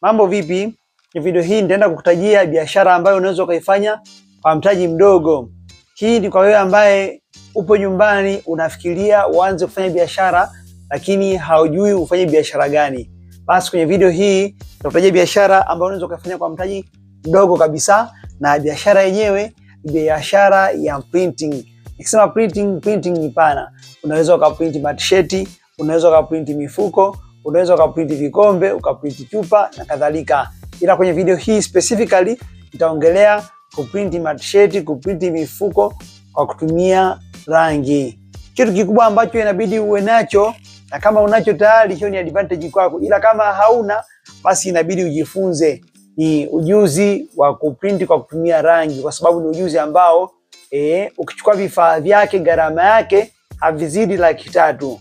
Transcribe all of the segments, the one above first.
Mambo vipi? Ni video hii nitaenda kukutajia biashara ambayo unaweza ukaifanya kwa mtaji mdogo. Hii ni kwa wewe ambaye upo nyumbani unafikiria uanze kufanya biashara lakini haujui ufanye biashara gani. Basi kwenye video hii nitakutajia biashara ambayo unaweza ukaifanya kwa mtaji mdogo kabisa, na biashara yenyewe biashara ya printing. Nikisema printing, printing ni pana. Unaweza ukaprint matisheti, unaweza ukaprint mifuko unaweza ukaprint vikombe, ukaprint chupa na kadhalika, ila kwenye video hii specifically nitaongelea kuprint matsheti, kuprint mifuko kwa kutumia rangi. Kitu kikubwa ambacho inabidi uwe nacho na kama unacho tayari, hiyo ni advantage kwako, ila kama hauna basi inabidi ujifunze ni ujuzi wa kuprint kwa kutumia rangi, kwa sababu ni ujuzi ambao e, ukichukua vifaa vyake gharama yake havizidi laki tatu,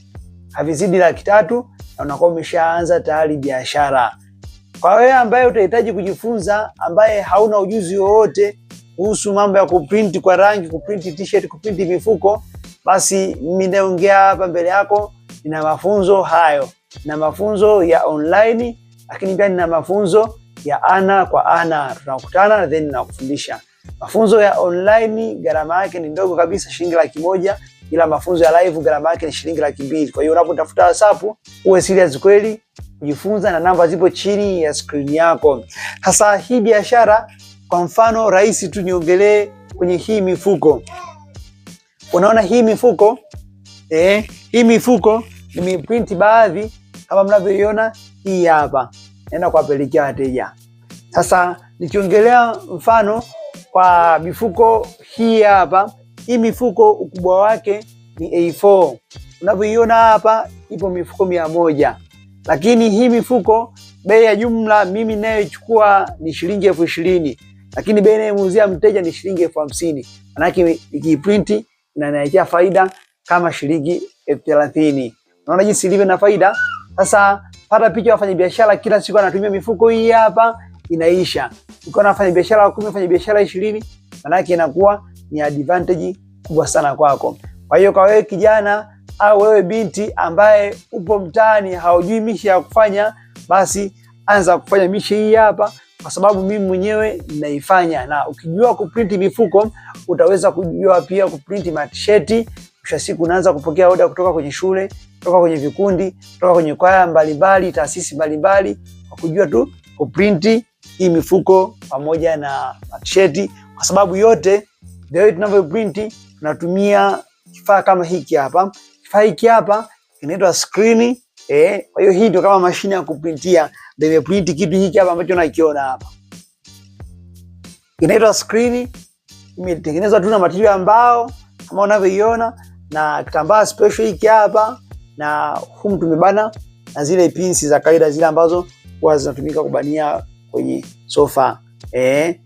havizidi laki tatu na unakuwa umeshaanza tayari biashara. Kwa wewe ambaye utahitaji kujifunza, ambaye hauna ujuzi wowote kuhusu mambo ya kuprint kwa rangi, kuprint t-shirt, kuprint mifuko, basi mimi naongea hapa mbele yako, nina mafunzo hayo, na mafunzo ya online, lakini pia nina mafunzo ya ana kwa ana, tunakutana then nakufundisha. Mafunzo ya online gharama yake ni ndogo kabisa, shilingi laki moja ila mafunzo ya live gharama yake ni shilingi laki mbili. Kwa hiyo unapotafuta WhatsApp uwe serious kweli kujifunza, na namba zipo chini ya screen yako. Hasa hii biashara kwa mfano rahisi tu, niongelee kwenye hii mifuko. Unaona hii mifuko eh, hii mifuko nimeprint baadhi kama mnavyoiona, hii hapa naenda kuwapelekea wateja. Sasa nikiongelea mfano kwa mifuko hii hapa hii mifuko ukubwa wake ni A4. Unavyoiona hapa ipo mifuko mia moja, lakini hii mifuko bei ya jumla mimi nayochukua ni shilingi elfu ishirini lakini bei inayomuuzia mteja ni shilingi elfu hamsini manake ikiprinti inaniachia faida kama shilingi elfu thelathini Unaona jinsi ilivyo na faida. Sasa pata picha, wafanya biashara kila siku anatumia mifuko hii hapa inaisha. Ukiwa na wafanyabiashara 10 biashara 20 manake inakuwa ni advantage kubwa sana kwako. Kwa hiyo kwa wewe kijana au wewe binti ambaye upo mtaani haujui mishe ya kufanya, basi anza kufanya mishe hii hapa, kwa sababu mimi mwenyewe ninaifanya. na ukijua kuprint mifuko utaweza kujua pia kuprinti matisheti. Kisha siku unaanza kupokea oda kutoka kwenye shule, kutoka kwenye vikundi, kutoka kwenye kwaya mbalimbali, taasisi mbalimbali, kwa kujua tu kuprinti hii mifuko pamoja na matisheti, kwa sababu yote The way tunavyoprinti tunatumia kifaa kama hiki hapa. Kifaa hiki hapa kinaitwa screen eh. Kwa hiyo hii ndio kama mashine ya kuprintia, ndio imeprint kitu hiki hapa ambacho nakiona hapa, inaitwa screen. Imetengenezwa tu na material ambao kama unavyoiona na kitambaa special hiki hapa, na humu tumebana na zile pinsi za kawaida zile ambazo huwa zinatumika kubania kwenye sofa eh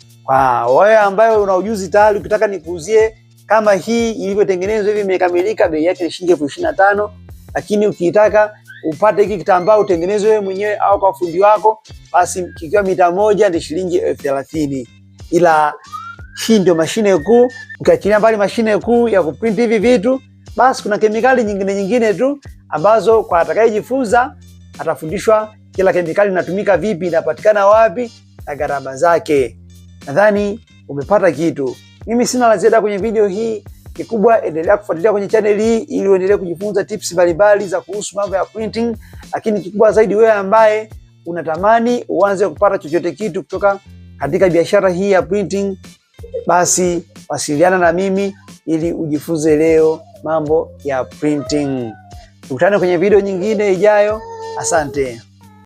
wewe ambaye una ujuzi tayari, ukitaka nikuuzie kama hii ilivyotengenezwa hivi, imekamilika, bei yake ni shilingi elfu ishirini na tano lakini ukitaka upate hiki kitambaa utengenezwe wewe mwenyewe au kwa fundi wako, basi kikiwa mita moja ni shilingi elfu thelathini Ila hii ndio mashine kuu. Ukiachilia mbali mashine kuu ya kuprint hivi vitu, basi kuna kemikali nyingine nyingine tu ambazo kwa atakayejifunza atafundishwa kila kemikali inatumika vipi, inapatikana wapi na gharama zake. Nadhani umepata kitu. Mimi sina la ziada kwenye video hii. Kikubwa endelea kufuatilia kwenye channel hii ili uendelee kujifunza tips mbalimbali za kuhusu mambo ya printing, lakini kikubwa zaidi, wewe ambaye unatamani uanze kupata chochote kitu kutoka katika biashara hii ya printing, basi wasiliana na mimi ili ujifunze leo mambo ya printing. Tukutane kwenye video nyingine ijayo. Asante.